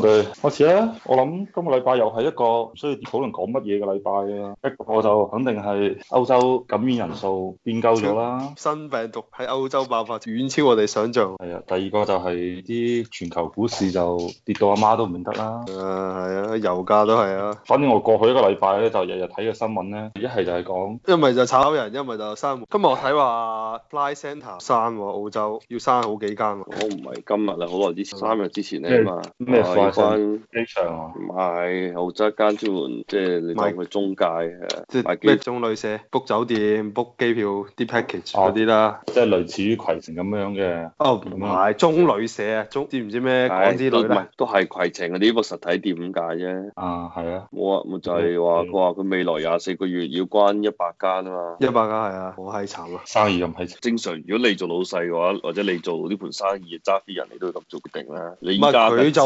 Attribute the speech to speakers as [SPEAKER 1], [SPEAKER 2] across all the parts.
[SPEAKER 1] 我哋開始啦。我諗今個禮拜又係一個需要討論講乜嘢嘅禮拜啊，一個就肯定係歐洲感染人數變高咗啦，新病毒喺歐洲爆發遠超我哋想象。係啊，第二個就係啲全球股市就跌到阿媽都唔認得啦。啊係啊，油價都係啊。反正我過去一個禮拜咧，就日日睇嘅新聞咧，一係就係講，因為就炒人，
[SPEAKER 2] 因為就生活。今日我睇話 fly center 山、啊、澳洲要刪好幾間。我唔係今
[SPEAKER 1] 日啊，好耐之前。三、啊、日之前咧嘛。咩關機場唔係後側一間專門，即係你當佢中介嘅，即係咩
[SPEAKER 2] 中旅社 book 酒店 book 機票啲 package 嗰啲啦，即係類似於攜
[SPEAKER 1] 程咁樣嘅。
[SPEAKER 2] 哦唔係中旅社啊，中知唔知咩講啲唔係
[SPEAKER 1] 都係攜程嗰啲個實體店咁解啫。啊係啊，冇啊咪就係話佢話佢未來廿四個月要關一百間啊嘛。一百間，係啊，好閪慘啊！生意又唔係正常。如果你做老細嘅話，或者你做呢盤生意，揸啲人你都要咁做決定啦。你。佢就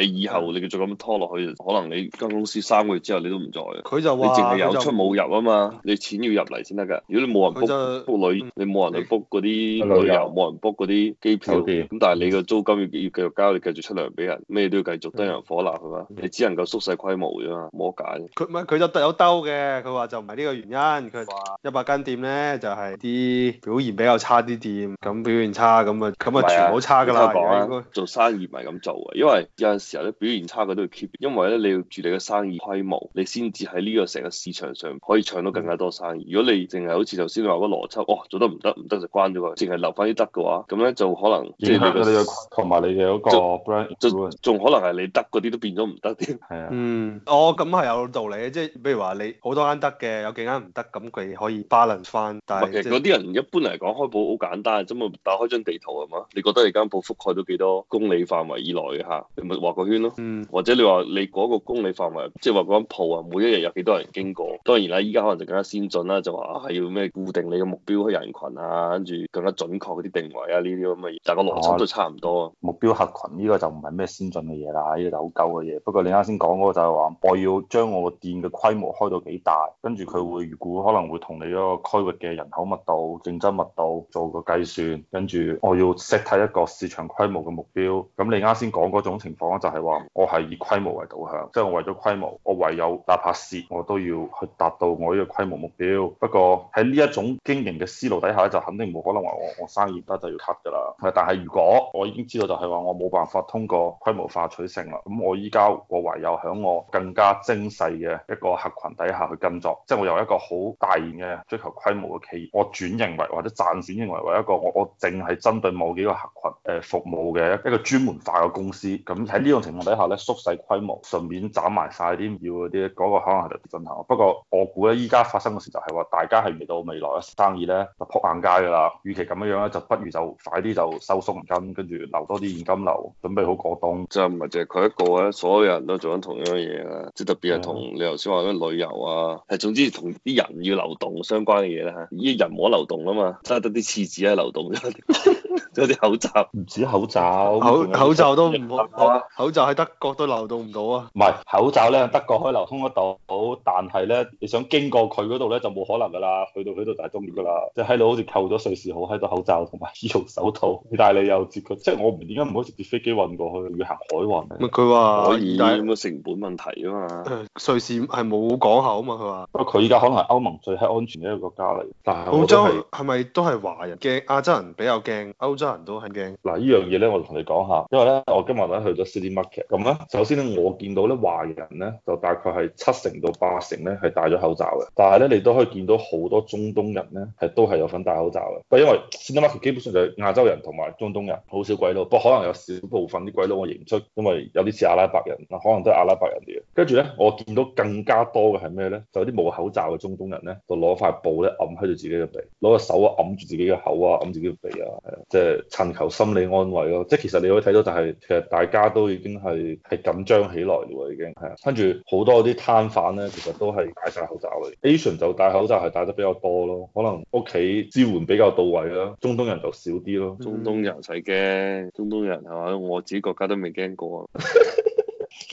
[SPEAKER 1] 你以後你繼續咁拖落去，可能你間公司三個月之後你都唔在。佢就話你淨係有出冇入啊嘛，你錢要入嚟先得㗎。如果你冇人 book b 你冇人去 book 嗰啲旅遊，冇人 book 嗰啲機票，咁但係你個租金要要繼續交，你繼續出糧俾人，咩都要繼續燈油火蠟佢啊。你只能夠縮細規模啫嘛，冇得揀。
[SPEAKER 2] 佢唔係佢都有兜嘅，佢話就唔係呢個原因。佢話一百間店咧就係啲表現比較差啲店。咁表現差咁啊，咁啊全部差㗎啦。做
[SPEAKER 1] 生意唔係咁做㗎，因為時候咧表現差嘅都要 keep，因為咧你要住你嘅生意規模，你先至喺呢個成個市場上可以搶到更加多生意。嗯、如果你淨係好似頭先你話嗰邏輯，哦，做得唔得唔得就關咗佢，淨係留翻啲得嘅話，咁咧就可能影響嘅。同埋、嗯、你嘅嗰個 brand 仲可能係你得嗰啲都變咗唔得。係
[SPEAKER 2] 啊，嗯，哦，咁係有道理。即係譬如話你好多間得嘅，有幾間唔得，咁佢可以 balance 翻。但其實嗰啲人
[SPEAKER 1] 一般嚟講開鋪好簡單，咋嘛？打開張地圖係嘛？你覺得你間鋪覆蓋到幾多公里範圍以內吓？是個圈咯，嗯、或者你話你嗰個公里範圍，即係話嗰間鋪啊，每一日有幾多人經過？當然啦，依家可能就更加先進啦，就話係要咩固定你嘅目標嘅人群啊，跟住更加準確啲定位啊，呢啲咁嘅嘢，但係個邏輯都差唔多。啊、目標客群呢個就唔係咩先進嘅嘢啦，呢個就好舊嘅嘢。不過你啱先講嗰個就係話，我要將我個店嘅規模開到幾大，跟住佢會預估可能會同你嗰個區域嘅人口密度、競爭密度做個計算，跟住我要 set 睇一個市場規模嘅目標。咁你啱先講嗰種情況。就係話我係以規模為導向，即係我為咗規模，我唯有哪怕蝕，我都要去達到我呢個規模目標。不過喺呢一種經營嘅思路底下就肯定冇可能話我我生意得就要 cut 㗎啦。但係如果我已經知道就係話我冇辦法通過規模化取勝啦，咁我依家我唯有喺我更加精細嘅一個客群底下去跟作，即係我由一個好大型嘅追求規模嘅企業，我轉型為或者暫時認為為一個我我淨係針對某幾個客群誒服務嘅一個專門化嘅公司。咁喺呢呢種情況底下咧，縮細規模，順便斬埋晒啲要嗰啲，嗰、嗰個可能係特別進行。不過我估咧，依家發生嘅事就係話，大家係未到未來嘅生意咧就撲硬街㗎喇。與其咁樣咧，就不如就快啲就收縮緊，跟住留多啲現金流，準備好過冬。即係唔係淨係佢一個咧？所有人都做緊同樣嘅嘢啦。即係特別係同你頭先話嗰啲旅遊啊，係總之同啲人要流動相關嘅嘢啦嚇。依人冇得流動啊嘛，得得啲廁紙啊流動咗， 有啲口罩，唔止口罩，口口罩都唔好。 口罩喺德國都流到唔到啊！唔係口罩咧，德國可以流通得到，但係咧，你想經過佢嗰度咧就冇可能㗎啦，去到佢度就係中面㗎啦。即係喺度好似扣咗瑞士好多口罩同埋醫用手套，意大利又接佢，即係我唔知點解唔可以直接飛機運過去，要行海運？咪佢話，但係以成本問題啊嘛、呃。瑞士係冇港口啊嘛，佢話。佢依家可能係歐盟最係安全嘅一個國家嚟。但澳洲
[SPEAKER 2] 係咪都係華人
[SPEAKER 1] 嘅？亞洲人
[SPEAKER 2] 比較驚，歐洲人都很驚。
[SPEAKER 1] 嗱、嗯，樣呢樣嘢咧，我同你講下，因為咧，我今日咧去咗斯里。咁咧，首先咧我見到咧華人咧就大概係七成到八成咧係戴咗口罩嘅，但係咧你都可以見到好多中東人咧係都係有份戴口罩嘅，不過因為先得 market 基本上就係亞洲人同埋中東人，好少鬼佬，不過可能有少部分啲鬼佬我認唔出，因為有啲似阿拉伯人啊，可能都係阿拉伯人嚟嘅。跟住咧我見到更加多嘅係咩咧？就啲冇口罩嘅中東人咧，就攞塊布咧揞喺度自己嘅鼻，攞個手啊揞住自己嘅口啊揞住自己嘅鼻啊，即係尋求心理安慰咯。即係其實你可以睇到就係其實大家都。已經係係緊張起來咯喎，已經係，跟住好多啲攤販咧，其實都係戴晒口罩嘅。Asian 就戴口罩係戴得比較多咯，可能屋企支援比較到位啦。中東人就少啲咯。嗯。中、中東人使驚，中東人係嘛，我自己國家都未驚過，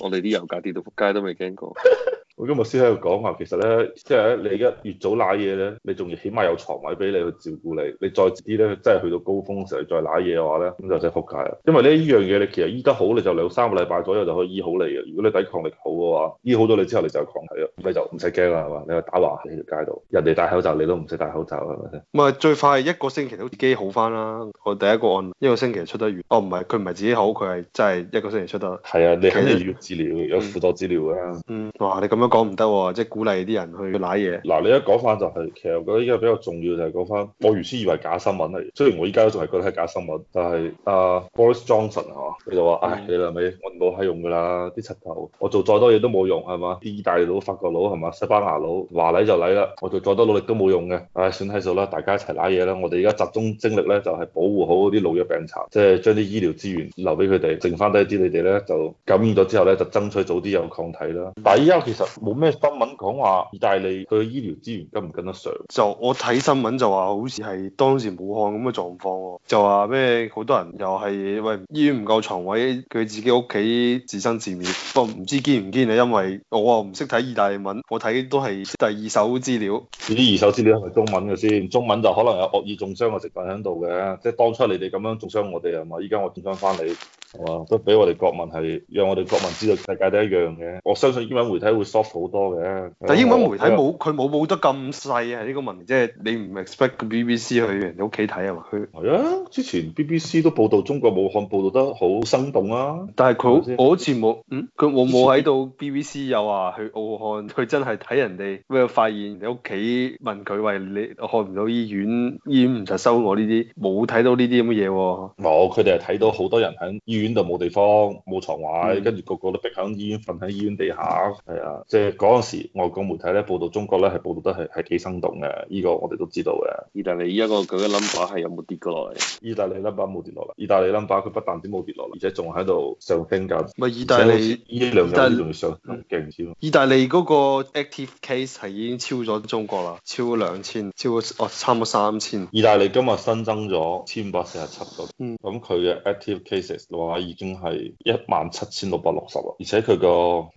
[SPEAKER 1] 我哋啲油價跌到仆街都未驚過。 我今日先喺度講啊，其實咧，即係你而家越早攋嘢咧，你仲要起碼有床位俾你去照顧你。你再遲啲咧，真係去到高峰嘅時候再攋嘢嘅話咧，咁就真係撲街啦。因為呢依樣嘢你其實醫得好，你就兩三個禮拜左右就可以醫好你嘅。如果你抵抗力好嘅話，醫好咗你之後你狂，你就抗體啦，咁你就唔使驚啦，係嘛？你話打橫喺條街度，人哋戴，戴口罩，你都唔使戴口罩係咪先？
[SPEAKER 2] 唔係最快一個星期，好似自己好翻啦。我第一個案一個星期出得完？哦，唔係佢唔係自己好，佢係真係一個星期出得。
[SPEAKER 1] 係啊，你肯定要治療，有輔助治療啊！嗯，哇！你咁樣。講唔得喎，即係鼓勵啲人去攬嘢。嗱、啊，你一講翻就係、是，其實我覺得依家比較重要就係講翻，我原先以為假新聞嚟，雖然我依家都仲係覺得係假新聞，但係阿、uh, Boris Johnson 啊佢就話：唉、嗯哎，你哋咪我冇喺用㗎啦，啲柒頭，我做再多嘢都冇用，係嘛？啲意大利佬、法國佬係嘛？西班牙佬話嚟就嚟啦，我做再多努力都冇用嘅，唉、哎，算係數啦，大家一齊攬嘢啦。我哋而家集中精力咧，就係、是、保護好啲老弱病殘，即係將啲醫療資源留俾佢哋，剩翻低啲你哋咧就感染咗之後咧就爭取早啲有抗體啦。但係依家其實。冇咩新聞講話意大利佢嘅醫療資源跟唔跟得上？就我睇新聞就話好似係當時武漢咁嘅狀況，就
[SPEAKER 2] 話咩好多人又係喂，醫院唔夠床位，佢自己屋企自生自滅。不過唔知堅唔堅啊，因為我又唔識睇意大利文，我睇都係第二手資料。
[SPEAKER 1] 呢啲二手資料係中文嘅先，中文就可能有惡意中傷嘅成分喺度嘅，即係當初你哋咁樣中傷我哋啊嘛，依家我點翻翻你？係都俾我哋國民係，讓我哋國民知道世界都一樣嘅。我相信英文媒體會 soft 好多嘅。但英文媒體冇，
[SPEAKER 2] 佢冇冇得咁細啊！呢、呢個問題，
[SPEAKER 1] 即係你唔 expect 個 BBC 去人哋屋企睇係嘛？係啊，之前 BBC 都報道中國武漢報道得好生動啊。但係佢吧好似冇佢我冇喺度
[SPEAKER 2] BBC，又話去澳漢，佢真係睇人哋咩發現你屋企問佢話你睇唔到醫院，醫院唔就收我呢啲，冇睇到呢啲咁
[SPEAKER 1] 嘅嘢喎。冇、嗯，佢哋係睇到好多人喺。醫院就冇地方，冇床位，跟住、嗯、個，個個都逼響醫院瞓喺醫院地下，係啊，即係嗰陣時外國媒體咧，報道中國咧，係報道得係係幾生動嘅，呢、這個我哋都知道嘅。意大利依一個佢嘅 number 係有冇跌過落嚟？意大利 number 冇跌落嚟，意大利 number 佢不但止冇跌落嚟，而且仲喺度上升緊。咪意大利依兩日仲要上咁勁超？
[SPEAKER 2] 意大利嗰個 active case 係已經超咗中
[SPEAKER 1] 國啦，超咗兩千，超咗哦差唔多三千。意大利今日新增咗千八百四十七個，咁佢嘅 active cases 已經係一萬七千六百六十啦，而且佢個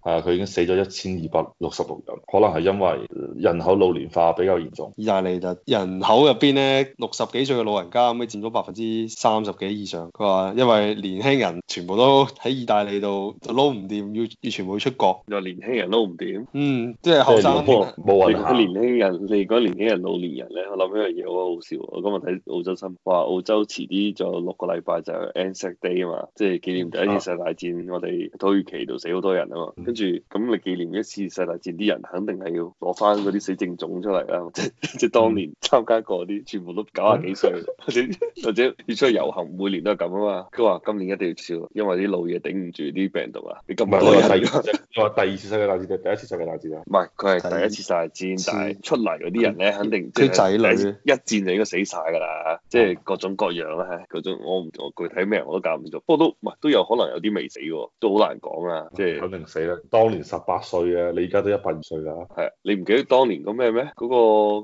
[SPEAKER 1] 係啊，佢已經死咗一千二百六十六人，可能係因為人口老年化比較嚴重。意大利就人
[SPEAKER 2] 口入邊咧，六十幾歲嘅老人家可以、嗯、佔咗百分之三十幾以上。佢話因為年輕人全部都喺意大利度就撈唔掂，
[SPEAKER 1] 要要全部出國。又年輕人撈唔掂，嗯，
[SPEAKER 2] 即係後生冇冇話年
[SPEAKER 1] 輕人，你講年輕人、老年人咧，我諗一樣嘢我都好笑。我今日睇澳洲新聞，澳洲遲啲就六個禮拜就 Anzac Day 嘛。即係紀念第一次世界大戰，我哋土耳其度死好多人啊嘛。跟住咁你紀念一次世界大戰啲人，肯定係要攞翻嗰啲死症種出嚟啊！即即當年參加過啲，全部都九廿幾歲，或者或者要出去遊行，每年都係咁啊嘛。佢話今年一定要照，因為啲老嘢頂唔住啲病毒啊。你今日唔係我話世，我話第二次世界大戰定第一次世界大戰啊？唔係佢係第一次世界大戰，但係出嚟嗰啲人咧，肯定即係第一一戰就應該死晒㗎啦。即係各種各樣啦，各種我唔同，具體咩我都搞唔到，不過都。唔係都有可能有啲未死喎，都好難講啊！即、就、係、是、肯定死啦。當年十八歲啊，你而家都一百二歲啦。係啊，你唔記得當年、那個咩咩？嗰、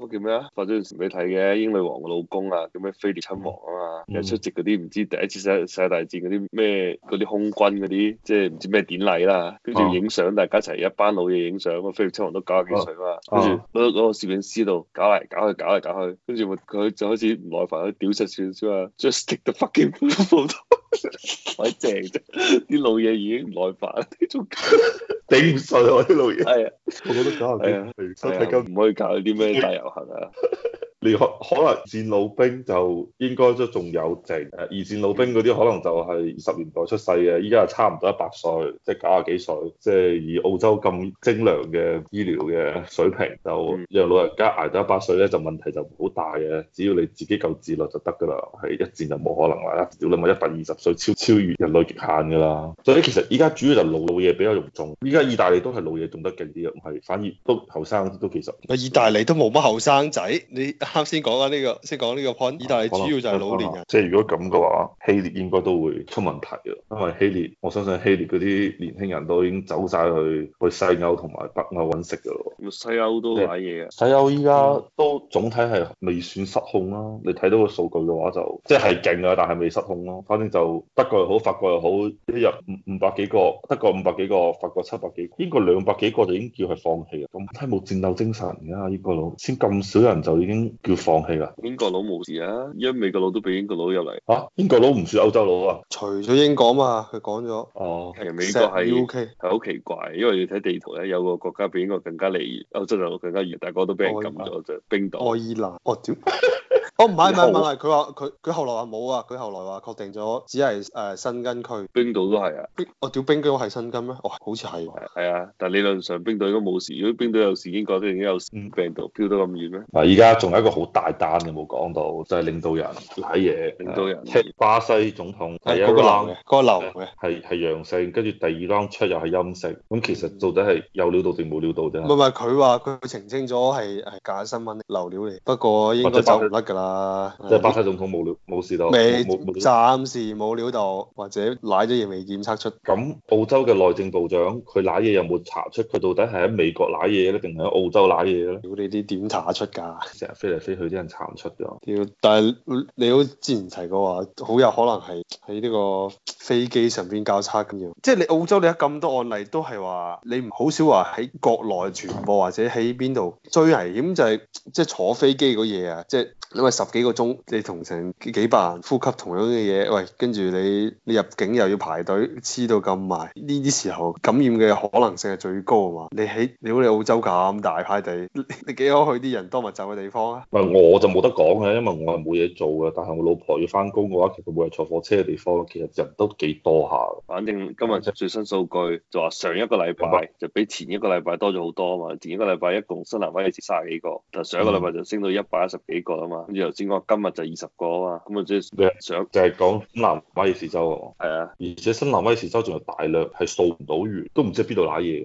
[SPEAKER 1] 那個叫咩啊？發張相俾你睇嘅，英女王個老公啊，叫咩菲利親王啊嘛。又、嗯、出席嗰啲唔知第一次世世界大戰嗰啲咩嗰啲空軍嗰啲，即係唔知咩典禮啦、啊。跟住影相，大家一齊一班老嘢影相。咁菲利親王都九啊幾歲啦？跟住嗰嗰個攝影師度搞嚟搞去搞嚟搞，搞去，跟住佢就開始唔耐煩，佢屌柒算啫啊，just the fucking。 好正啫！啲老嘢已經唔耐煩，頂唔順我啲老嘢。係啊，我覺得搞廿啊，真係今唔可以搞啲咩大遊行啊！ 可能戰老兵就應該都仲有剩，誒二戰老兵嗰啲可能就係二十年代出世嘅，依家係差唔多一百歲，即係九廿幾歲。即係以澳洲咁精良嘅醫療嘅水平就，就讓老人家捱到一百歲咧，就問題就好大嘅。只要你自己夠自律就得㗎啦，係一戰就冇可能啦。少你咪一百二十歲超超越人類極限㗎啦。所以其實依家主要就老老嘢比較用重，依家意大利都係老嘢用得勁啲，唔係反而都後生啲都其實。咪意大利都
[SPEAKER 2] 冇乜後生仔你。啱先講緊、
[SPEAKER 1] 這、呢個，先講呢個 point。意大利主要就係老年人。即係如果咁嘅話，希臘應該都會出問題咯。因為希臘，我相信希臘嗰啲年輕人都已經走晒去去西歐同埋北歐揾食噶咯。西歐都買嘢西,西歐依家都總體係未算失控啦。嗯、你睇到個數據嘅話就，即係係勁啊，但係未失控咯。反正就德國又好，法國又好，一日五五百幾個，德國五百幾個，法國七百幾，英國兩百幾個就已經叫佢放棄啦。咁真係冇戰鬥精神嘅英國佬先咁少人就已經。叫放棄啊，啊，英國佬冇事啊，因為美國佬都俾英國佬入嚟嚇，英國佬唔算歐洲佬啊，除咗英國嘛，佢講咗哦，其實美國係 OK 係好奇怪，因為你睇地圖咧，有個國家比英國更加離歐洲佬更加遠，但係嗰都俾人撳咗啫，爾冰島愛爾蘭，哦屌。
[SPEAKER 2] 哦，唔係唔係唔係，佢話佢佢後來話冇啊，佢後來話確定咗只係誒、呃、新根區。冰島都係啊。我屌、哦！冰島係新根咩？哦，
[SPEAKER 1] 好似係、啊。係啊，啊，但係理論上冰島應該冇事。如果冰島有事，英國都已經有新病毒飄到咁遠咩？嗱，依家仲係一個好大單你冇講到，就係、是、領導人瀨嘢，領導人。巴西總統第一 round 嗰個流嘅係係陽性，跟住第二 round 出又係陰性。咁其實到底係有料到定冇料到啫？唔係唔係，
[SPEAKER 2] 佢話佢澄清咗係係假新聞流料嚟。不過應該走唔甩㗎啦。啊！即係巴西總統冇
[SPEAKER 1] 料冇事到，未暫時冇料到，或者攋咗嘢未檢測出。咁澳洲嘅內政部長佢攋嘢有冇查出？佢到底係喺美國攋嘢咧，定係喺澳洲攋嘢咧？屌你啲點查得出㗎？成日飛嚟飛去，啲人查唔出㗎。但係
[SPEAKER 2] 你好之前提過話，好有可能係喺呢個飛機上邊交叉咁樣。即係你澳洲，你有咁多案例都係話，你唔好少話喺國內傳播，或者喺邊度最危險就係即係坐飛機嗰嘢啊！即係。因為十幾個鐘，你同成幾百人呼吸同樣嘅嘢，喂，跟住你你入境又要排隊，黐到咁埋，呢啲時候感染嘅可能性係最高啊嘛！你喺你好似澳洲咁大塊地，你幾可去啲人多密集嘅地方啊？唔，我就冇
[SPEAKER 1] 得講嘅，因為我係冇嘢做嘅。但係我老婆要翻工嘅話，其實會係坐火車嘅地方，其實人都幾多下。反正今日即係最新數據就話上一個禮拜就比前一個禮拜多咗好多啊嘛！前一個禮拜一共新南威爾士卅幾個，但上一個禮拜就升到一百一十幾個啊嘛！嗯你頭先講今日就二十個啊嘛，咁啊即係上就係講新南威爾士州啊，係啊，而且新南威爾士州仲有大量係數唔到完，都唔知邊度揦嘢。